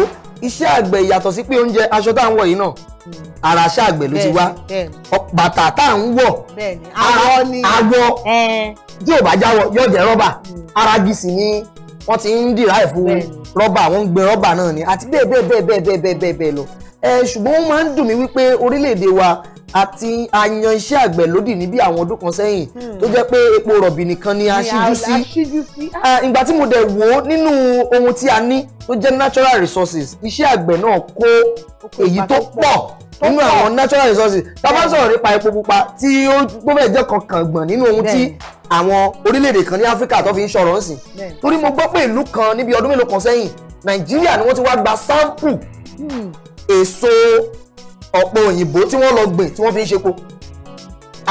iṣẹ́ àgbẹ̀ yàtọ̀ sí pé oúnjẹ aṣọ tá à ń wọ̀ yìí náà hmm. ara iṣẹ́ àgbẹ̀ ló ti wá bàtà tá à ń wọ̀ àwọ̀ tí ò bá jáwọ́ yóò jẹ́ rọ́bà hmm. ara gi sì ni wọ́n ti ń dìrá ẹ̀fú rọ́bà wọ́n ń gbẹ rọ́bà náà ni àti bẹ́ẹ̀ bẹ́ẹ̀ bẹ́ẹ̀ bẹ́ẹ̀ bẹ́ẹ̀ lọ ṣùgbọ́n ó máa ń dùn mí wípé orílẹ̀-èdè wa àti àyàn iṣẹ́ àgbẹ̀ lódì ní bí àwọn ọdún kan sẹ́yìn hmm. tó jẹ́ pé epo rọ̀bì nìkan ni a ṣíjú sí ìgbà tí mo dẹ̀ wò ó nínú ohun tí a ní tó jẹ́ natural resources iṣẹ́ àgbẹ̀ náà kó èyí tó pọ̀ nínú àwọn natural resources tá a bá sọ̀rọ̀ nípa epo pupa tí ó gbọ́dọ̀ jẹ́ kankan gbọ̀n nínú ohun tí àwọn orílẹ̀-èdè kan ní áfíríkà tó fi ń ṣọ̀rọ̀ ńsìn torí mo gbọ́ pé ìlú kan níbi ọdún mélòó kan sẹ́yìn nàìjíríà ni wọ́n ti wá gba sample hmm. èso ọ̀pẹ òyìnbó tí wọ́n lọ gbìn tí wọ́n fi ń ṣepo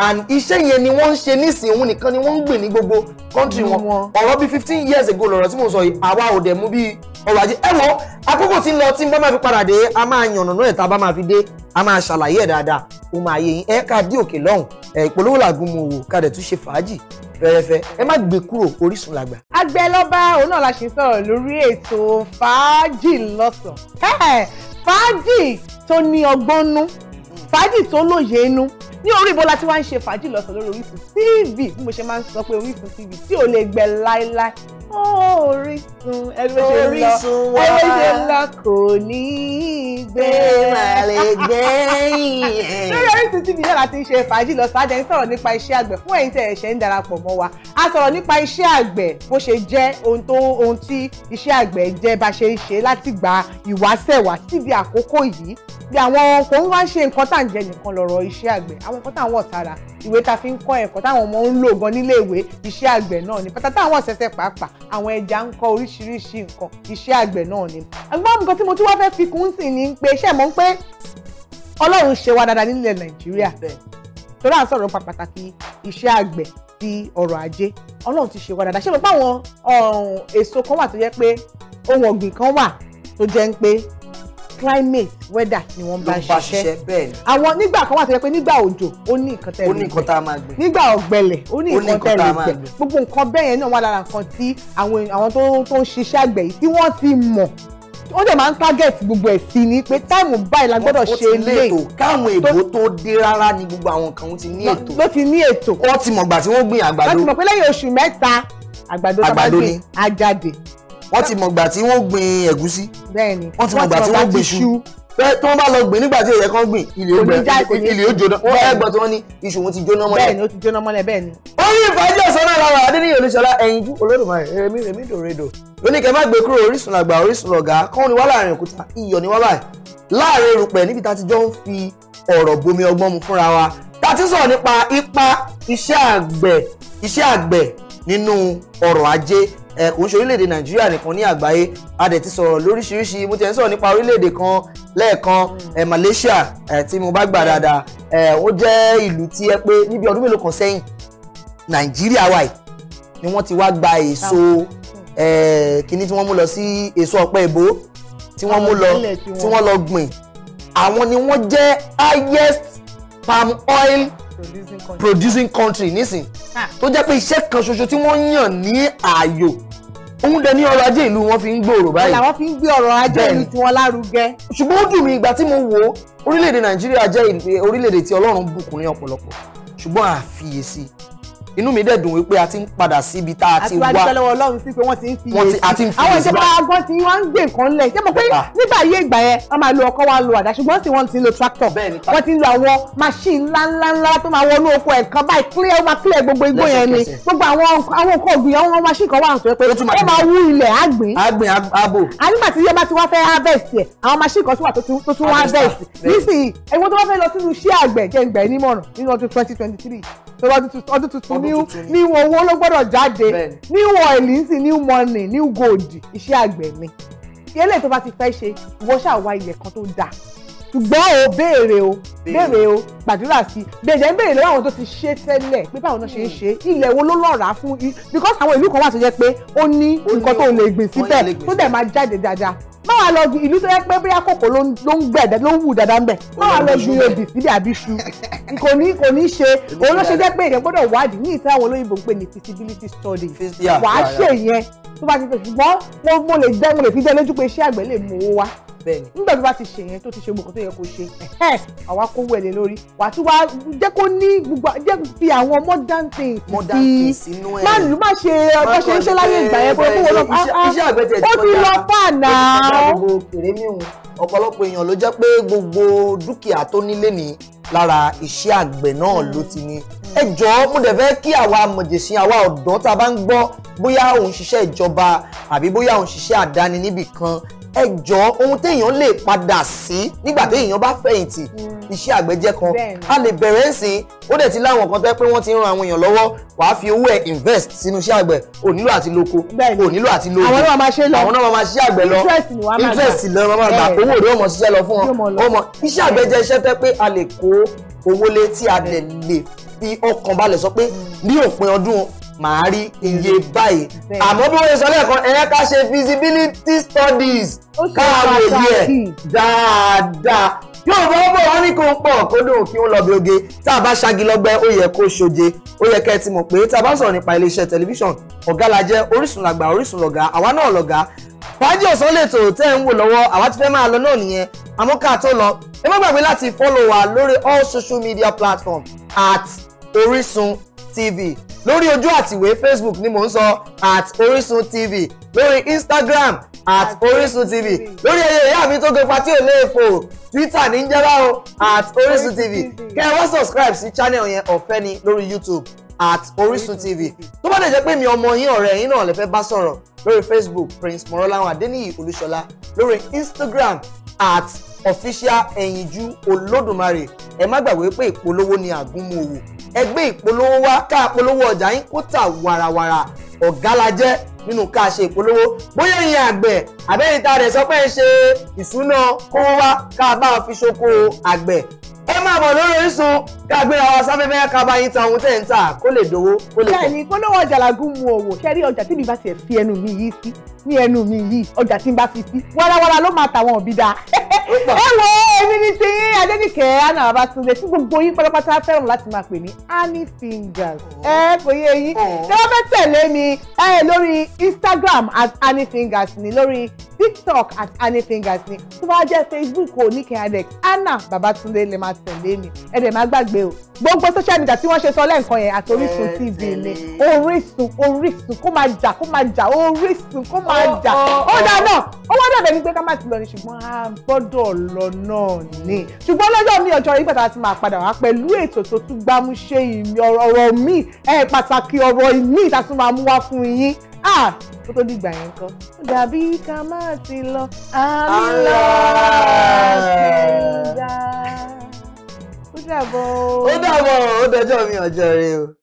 and iṣẹ́ yẹn ni wọ́n ń ṣe nísìnyí òun nìkan ni wọ́n ń gbìn ní gbogbo country wọn ọ̀rọ̀ bíi fifteen years ago lọ̀rọ̀ tí mo sọ yìí àwa ò dẹ̀ mú bíi ọrọ̀ ajé ẹ wọ àkókò tí ń lọ tí ń bá máa fi padà dé a máa yànnà náà ìta bá máa fi dé a máa ṣàlàyé ẹ̀ dáadáa o máa yé yín ẹ ká dí òkè lọ́hùn ẹ̀ ìpolówó làgùn mu wò ká dẹ̀ tún ṣe fàájì rẹ̀rẹ̀fẹ̀ ẹ má gbé kúrò Orísun làgbà. Agbẹ́lọ́ba òun náà la ṣe sọ̀rọ̀ lórí ètò fàájì lọ́sàn-án fàájì tó ní ọgbọ́n nú fàájì tó lóye inú ní orí ibo la ti wá ń ṣe fàájì lọ́sàn lórí Orísun TV bí mo ṣe máa ń sọ pé Orísun TV tí ò lè gbẹ láéláé orísun ẹgbẹ́ ṣe ń lọ ẹgbẹ́ ṣe ń lọ kò ní í gbé màlẹ̀ gbẹ̀yìn ẹ̀. lórí Orísun TV náà láti ṣe fàájì lọ sáájà ń sọ̀rọ̀ nípa iṣẹ́ àgbẹ̀ fún ẹ̀yin tẹ̀ ẹ̀ṣẹ̀ ń darapọ̀ mọ́ wa a sọ̀rọ̀ nípa iṣẹ́ àgbẹ̀ bó ṣe jẹ́ ohun tó ohun tí iṣẹ́ àgbẹ̀ jẹ́ bá ṣe ń ṣe láti gba ìwáṣẹ̀wá síbi àkókò yìí bí àwọn kò ń wá ṣe nǹkan tá à ń jẹ nìkan lọ́rọ̀ iṣẹ́ àgbẹ̀ àwọn nǹkan tá à ń wọ̀ sára ìwé ta fi ń kọ́ ẹ̀kọ́ táwọn ọmọ ń lò gan nílé ìwé iṣẹ́ àgbẹ̀ náà ni pátá táwọn ọ̀sẹ̀sẹ̀ pàápàá àwọn ẹja ń kọ́ oríṣiríṣi nǹkan iṣẹ́ àgbẹ̀ náà ni. àgbọ̀n nǹkan tí mo tún wá fẹ́ fi kún sí ni pé iṣẹ́ mọ̀ ń pé Ọlọ́run ṣe wá dáadáa nílẹ̀ Nàìjíríà torí à ń sọ̀rọ̀ pa pàtàkì iṣẹ́ àgbẹ̀ ti ọrọ̀ ajé Ọlọ́run ti ṣe wá dáadáa ṣé mo pa àwọn um, èso kan wà tó jẹ́ pé ohun ọ̀gbìn kan wà tó jẹ́ ń pé climate weather ni wọ́n bá ṣiṣẹ́ bẹ́ẹ̀ ni. àwọn nígbà kan wà tó yẹ pé nígbà òjò ó ní nǹkan tẹ̀lé gbẹ ó ní nǹkan tá a máa gbẹ nígbà ọ̀gbẹlẹ̀ ó ní nǹkan tẹ̀lé gbẹ gbogbo nǹkan bẹ́ẹ̀ yẹn náà wà lára nǹkan tí àwọn tó ń ṣiṣẹ́ àgbẹ̀ yìí tí wọ́n ti mọ̀ ó dẹ̀ máa ń target gbogbo ẹ̀ sí ni pé táìmù báyìí la gbọ́dọ̀ ṣe lé ètò káwọn èbó tó dé rárá ni gbogbo àwọn nǹkan wọn ti ní ètò ló ti ní ètò wọ́n ti mọ̀ gbà tí wọ́n gbìn àgbàdo wọ́n ti mọ̀ pé lẹ́yìn oṣù mẹ́ta àgbàdo tá bá gbìn á wọ́n ti mọ̀gbà tí wọ́n gbin ẹ̀gúsí wọ́n ti mọ̀gbà tí wọ́n gbin iṣu pé tí wọ́n bá lọ gbìn nígbà tí èyẹ kan gbìn ilé ó gbẹ ilé ó jóná wọ́n ẹgbọ́n tí wọ́n ní iṣu wọn ti jóná mọ́lẹ̀. bẹ́ẹ̀ni ó ti jóná mọ́lẹ̀ bẹ́ẹ̀ni. ó ní ìfàjẹ́ sọ́nà lára adéníyàn olúṣọlá ẹ̀yinjú olódùmarè rẹmi rẹmi dòredo lóní kẹ má gbé kúrò orísun àgbà orísun lọ̀gá kọ́n ni wá láàrin òkúta iyọ̀ ni wá báyìí láàrin erùpẹ̀ níbi tá ti jọ ń fi ọ̀rọ̀ bomi ọgbọ́n mu fúnra wa tá ti sọ̀rọ̀ nípa ipa iṣẹ́ àgbẹ̀ iṣẹ́ àgbẹ̀ nínú ọrọ̀ ajé ẹ kò ń ṣe orílẹ̀-èdè nàìjíríà nìkan ní àgbáyé a dẹ̀ ti sọ̀rọ̀ lóríṣiríṣi mo ti ẹ̀ ń sọ̀rọ̀ nípa orílẹ̀-èdè kan lẹ́ẹ̀kan mm. ẹ Malaysia ẹ tí mo bá gbà dáadáa ẹ ó jẹ́ ìlú tí ẹ pé níbi ọdún mélòó kan sẹ́yìn nàìjíríà wà yìí ni wọ́n ti wá gba èso ẹ kíní tí wọ́n mú lọ sí èso ọ̀pẹ ìbò tí wọ́n mú lọ tí wọ́n lọ gbìn àwọn ni wọ́n jẹ́ highest palm oil producing country nísìn ah. tó jẹ́ pé iṣẹ́ kan ṣoṣo tí wọ́n yàn ní ààyò òun dẹ ní ọrọ̀ ajé ìlú wọn fi ń gbòòrò báyìí. làwọn fi ń gbé ọrọ̀ ajé ìlú tiwọn lárugẹ. ṣùgbọ́n ó dùn mí ìgbà tí mo wò ó orílẹ̀-èdè nàìjíríà jẹ́ orílẹ̀-èdè tí ọlọ́run bùkún ní ọ̀pọ̀lọpọ̀ ṣùgbọ́n àfiyèsí inú mi dẹ̀ dùn wípé a ti ń padà síbi tá a ti wá àti wá lọ́wọ́ ọlọ́run sí pé wọ́n ti ń fi yé sí àwọn ìjọba agbọ́n ti wọ́n ń gbé nǹkan lẹ̀ ṣé mo pé ah. nígbà yé ìgbà yẹn wọ́n máa lo ọkọ́ wa lo àdá ṣùgbọ́n sì wọ́n ti ń lo tractor wọ́n ti ń lo àwọn machine ńláńlá ńlá tó máa wọnú oko ẹ̀kan báyìí clear ó máa clear gbogbo igbó yẹn ni gbogbo àwọn àwọn nǹkan ọ̀gbìn àwọn machine kan wà ń sọ pé ó máa wú ilẹ̀ àgbìn àgbìn abo nígbà tí yẹn bá ti wá fẹ́ harvest yẹ àwọn machine kan tó wà tó tún harvest ah, nísìnyí ẹ̀wọ́n tó wá fẹ́ lọ sínú iṣẹ́ àgbẹ̀ jẹ́ ń gbẹ̀ nímọ̀ràn nínú ọdún ọdún tuntun new new owó ló gbọ́dọ̀ jáde new oil sí new money new gold iṣẹ́ àgbẹ̀ mi yẹlẹ tó bá ti fẹ́ ṣe ìwọ ṣáà wá ilẹ̀ kan tó dáa ṣùgbọ́n o béèrè o béèrè o gbàdúrà sí i bẹ̀rẹ̀ ń béèrè lọ́wọ́ àwọn tó ti ṣe tẹ́lẹ̀ pé báwọn náà ṣe ń hmm. ṣe ilẹ̀ wo ló lọ́ọ̀rá fún i because àwọn ìlú kan wà tó jẹ́ pé ó ní nǹkan tó lè gbìn síbẹ̀ tó dẹ̀ máa jáde dáadáa má wàá lọ ìlú tó yẹ pé bóyá kòkó ló ń gbẹ ló ń wù dáadáa ń bẹ má wàá lọ ju ebì sílẹ̀ àbí ṣu kò ní kò ní ṣe òun ló ṣe jẹ́ pé èèyàn gbọ́dọ̀ wádìí ní ìta àwọn olóyìnbó ń pè ní feasibility study wàá ṣe yẹn tó bá ti tẹ̀ ṣùgbọ́n mo lè fi dẹ́ lójú pé iṣẹ́ àgbẹ̀ lè mú owó wá bẹ́ẹ̀ni. nígbà tó bá ti ṣe yẹn tó ti ṣe gbogbo tó yẹ kó ṣe àwa kó wẹ̀lẹ̀ lórí wà á ti wá jẹ́ kó ní gbogbo jẹ́ fi àwọn modern things sí modern things inú ẹ̀ má lù má ṣe ọjọ́ ṣe iṣẹ́ láyé ìgbà yẹn pé kó lọ iṣẹ́ ah, àgbẹ̀ tẹ̀ ah, ó ti lọ fàànà. ọ̀pọ̀lọpọ̀ èèyàn ló jẹ́ pé gbogbo dúkìá tó nílé nìí lára iṣẹ́ àgbẹ̀ náà ló ti ní. ẹ jọ̀ọ́ mo dẹ̀ fẹ́ kí àwa mọ̀jẹ̀sìn àwa ọ̀dọ́ tá a bá ń gbọ́ bóyá òun ṣiṣẹ́ ìjọba àbí bóyá òun ṣiṣẹ́ àdáni níbì kan ẹ jọ ohun téèyàn lè padà sí nígbà téèyàn bá fẹ̀yìntì mm. iṣẹ́ àgbẹ̀jẹ́ kan a lè bẹ̀rẹ̀ ńsìn ó dẹ̀ ti láwọn kan tó yẹ pé wọ́n ti ń ran àwọn èèyàn lọ́wọ́ wàá fi owó ẹ̀ invest sínú iṣẹ́ àgbẹ̀ ò nílò àti loko ò nílò àti lóko àwọn náà máa ṣe lọ àwọn náà máa ṣiṣẹ́ interest lọ máa gbà owó rẹ̀ ọmọ ṣiṣẹ́ lọ fún wọn ọmọ iṣẹ́ àgbẹ̀jẹ́ iṣẹ́ tẹ́ pé a lè kó owó lé tí a lè lè fi ọkàn balẹ̀ sọ pé ní òpin ọdún màá rí iye báyìí àmọ́ bí wọ́n ṣe sọ lẹ́ẹ̀kan ẹ̀yẹ́ ká ṣe feasibility studies káàwé díẹ̀ dáadáa yóò bọ́ bọ̀ wọ́n ní kó ń pọ̀ kó dùn kí wọ́n lọ bí oge tá a bá ṣagi lọ́gbẹ́ ó yẹ kó ṣoje ó yẹ kẹ́ ẹ ti mọ̀ pé tá a bá sọ̀rọ̀ nípa iléeṣẹ́ tẹlifíṣàn ọ̀gá la jẹ́ Orísun làgbà Orísun lọ̀gá àwa náà lọ̀gá fàájì ọ̀sán lè tò tẹ́ ń wò lọ́wọ́ àwa ti fẹ́ máa lọ náà nìyẹn àmọ́ tó lọ ẹ má gbàgbé láti fọ́lọ̀ wa lórí all social media platforms at Orisun TV lórí ojú àtìwé Facebook ni mò ń sọ at Orisun TV lórí Instagram at Orisun TV lórí ẹyẹ ìyá mi tó gbé patí òlé èfò Twitter ní jẹ́bá o at Orisun TV kẹ́ ẹ wá subscribe sí channel yẹn ọ̀fẹ́ ni lórí YouTube at Orisun TV tó bá dẹ̀ jẹ́ pé mi ọmọ yín ọ̀rẹ́ yín náà lè fẹ́ bá sọ̀rọ̀ lórí Facebook Prince Mọ́rọ́láwọn Adéníyì Olúṣọlá lórí Instagram at official ẹ̀yinjú olódùmarè ẹ má gbàgbé pé ìpolówó ni àgúnmu òwò ẹ gbé ìpolówó wá ká polówó ọjà yín kó tà wàràwàrà ọ̀gá la jẹ́ nínú ká ṣe ìpolówó bóyá ìyẹn àgbẹ̀ àbẹ́yìn rẹ̀ sọ pé ṣe ìṣúná kówó wá ká bá wọn fi ṣoko àgbẹ̀ ẹ máa bọ̀ lórí Orísun kágbéra wa sáfẹ́fẹ́ kaba yín ta ohun tẹ̀ ń tà kó lè dowó kó lè pọ̀. bẹ́ẹ̀ni polówó ọjà làgùn mu òwò ṣẹ́rí ọjà tí bá tiẹ̀ fi ẹnu mi yìí sí ní ẹnu mi yìí ọjà tí n bá fi sí wàràwàrà ló máa tàwọn òbí da ẹ wo èmi ní ti yín adénìkẹ́ anna babatunde tí gbogbo yín pátápátá fẹ́ràn láti máa pè ní honey fingers ẹ kò yé yín ṣé wọ́n fẹ́ tẹ̀lé mi ẹ lórí instagram at honey fingers ni lórí tiktok at honey fingers ni tó bá jẹ́ facebook oníkẹ́ adex anna babatunde lè máa tẹ̀lé mi ẹ dẹ̀ má gbàgbé o gbogbo social media tí wọ́n ṣe sọ lẹ́ǹkan yẹn àti orísun tv ni orísun orísun kó máa jà kó máa jà orísun kó máa padà ó dáa náà ó wá dàbẹ̀ ní pé ká má ti lọ ni ṣùgbọ́n a gbọ́dọ̀ lọ náà ni ṣùgbọ́n lọ́jọ́ ní ọjọ́ ìgbà tá a ti máa padà wá pẹ̀lú ètò tó tún gbámúṣé ọ̀rọ̀ míì ẹ̀ pàtàkì ọ̀rọ̀ míì tá a tún máa mú wá fún yín ah kó tó dìgbà yẹn kọ. dàbí ká má ti lọ àmì lọ kẹrìndà ó dàbọ̀ ó dàbọ̀ ó dọjọ́ mi ọjọ́ rẹ o.